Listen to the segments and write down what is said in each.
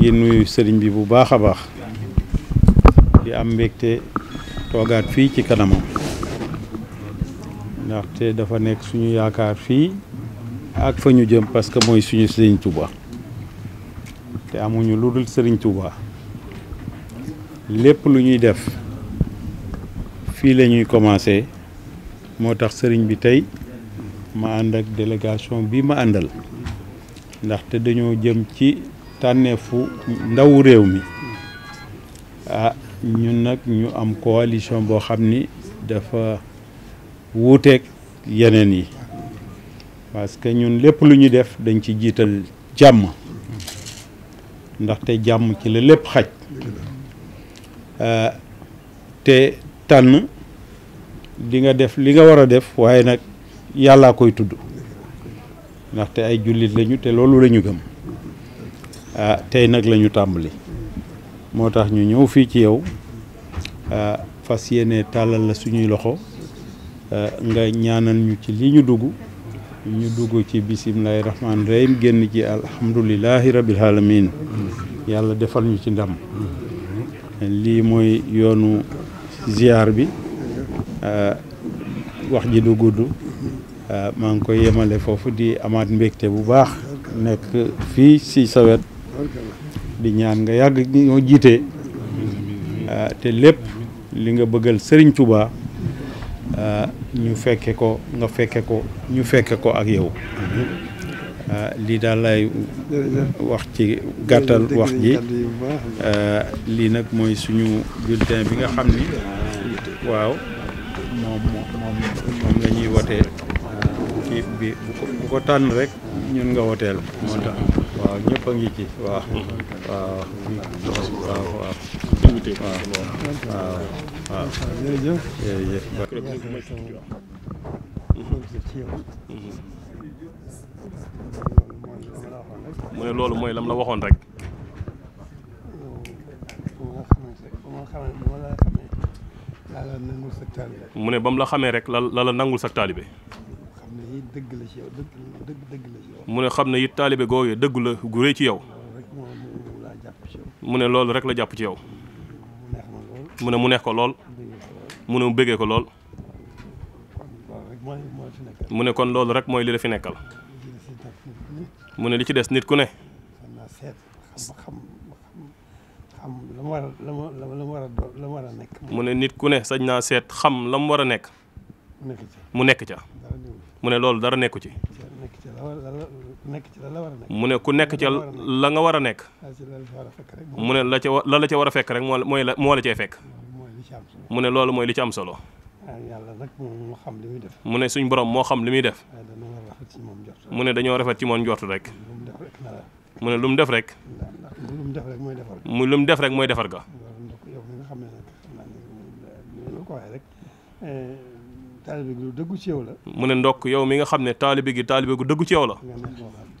ñi nuyu sëriñ bi bu baax a baax di am mbégte toogaat fii ci kanamam ndaxte dafa nekk suñu yaakaar fii ak fa ñu jëm parce que mooy suñu sëriñ Touba te amuñu lu dul sëriñ Touba lépp lu ñuy def fii la ñuy commencé moo tax sëriñ bi tey ma ànd ak délégation bi ma àndal ndaxte dañoo jëm ci tànneefu ndawu réew mi ah ñun nag ñu am coalition boo xam ni dafa wuuteeg yeneen yi parce que ñun lépp lu ñu def dañ ci jiital jàmm ndaxte jàmm ci la lépp xaj ah, te tànn di nga def li nga war a def waaye nag yàllaa koy tudd ndaxte ay jullit lañu te loolu lañu gëm ah tey nag lañu ñu tàmbali moo tax ñu ñëw fii ci yow ah, fas yéene tàllal la suñuy loxo ah, nga ñaanal ñu ci li ñu dugg ñu dugg ci bisimilahi rahmaani rahim génn ci alhamdulilahi rabil alamin yàlla defal ñu ci ndam lii mooy yoonu ziar bi ah, wax ji du gudd maa ngi koy yemale foofu di amaat mbégte bu baax nekk fii si sawet di ñaan nga yàgg ñoo jiite ah, te lépp li nga bëggal sëriñ Touba ah, ñu fekke ko nga fekke ko ñu fekke ko ak yow ah, lii daal lay wax ci gàttal wax ji lii nag mooy suñu bulletin bi nga xam ni waaw moom moom moom bi bu ko tànn rek ñun nga woteel waaw ñëpp a ngi ci waaw waaw waaw waaw mu ne loolu mooy lam la waxoon rek mu ne ba mu la xamee rek la la nangul sa taalibe yi la ci mu ne xam na it taalibe googu dëgg la gu ci yow. mu ne loolu rek la jàpp ci yow. mu ne mu neex ko lool. mu ne ko lool. mu kon loolu rek mooy li la nekkal. li ci des nit ku ne. mu ne nit ku ne sañ naa seet xam la mu war a nekk. mu nekk ca. mu ne loolu dara nekku ci. mu ne ku nekk ca la nga war a nekk. mu ne la ca wa la la ca war a fekk rek moo mooy la moo la cee fekk. mu ne loolu mooy li ci am solo. Ah, mu ne suñ borom moo xam li muy def. Ah, mu ne dañoo rafet ci moom njort rek. mu ne lu mu def rek. mu lu mu def rek mooy defar ga. taalibe dëggu ci la. mu ne ndokk yow mi nga xam ne taalibe gi taalibe gu dëggu ci yow la.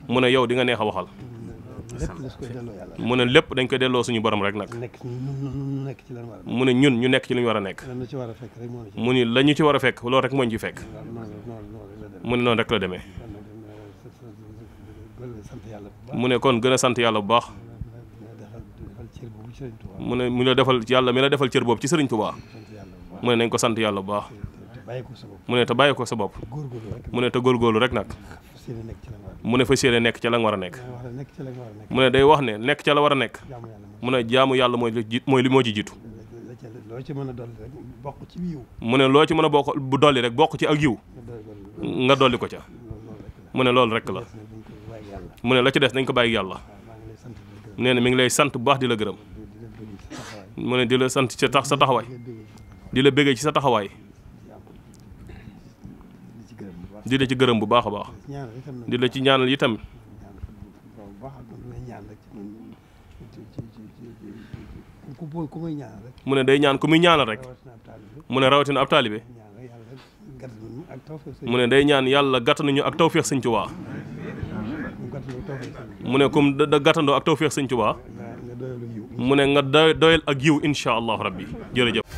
mu ne yow di nga neex a waxal. mu ne lépp dañ koy delloo suñu borom rek nag. mu ne ñun ñu nekk ci li ñu war a nekk. mu ne la ñu ci war a fekk loolu rek moo ñu ci fekk. mu ne noonu rek la demee. mu ne kon gën a sant yàlla bu baax. mu ne mu ne defal yàlla mi la defal cër boobu ci Sëriñ Tuubaa mu ne nañ ko sant yàlla bu baax. mu ne te bàyyi ko sa bopp mu ne te góorgóorlu rek nag mu ne fas yéene nekk ca la nga war a nekk mu ne day wax ne nekk ca la war a nekk mu ne jaamu yàlla mooy li mooy li moo ci jiitu mu ne loo ci mën a bokk bu dolli rek bokk ci ak yiw nga dolli ko ca mu ne loolu rek la mu ne la ci des nañ ko bàyyi yàlla nee na mi ngi lay sant bu baax di la gërëm mu ne di la sant ci tax sa taxawaay di la bëggee ci sa taxawaay di la ci gërëm bu baax a baax di la ci ñaanal itam mu ne day ñaan ku ñaanal rek mu ne rawatina ab taalibe mu ne day ñaan yàlla gàttanuñu ak tawféex sëñ Tuubaa mu ne comme da gàttandoo ak tawféex sëñ Tuubaa mu ne nga doyal ak yiw incha allahu rabbi jërëjëf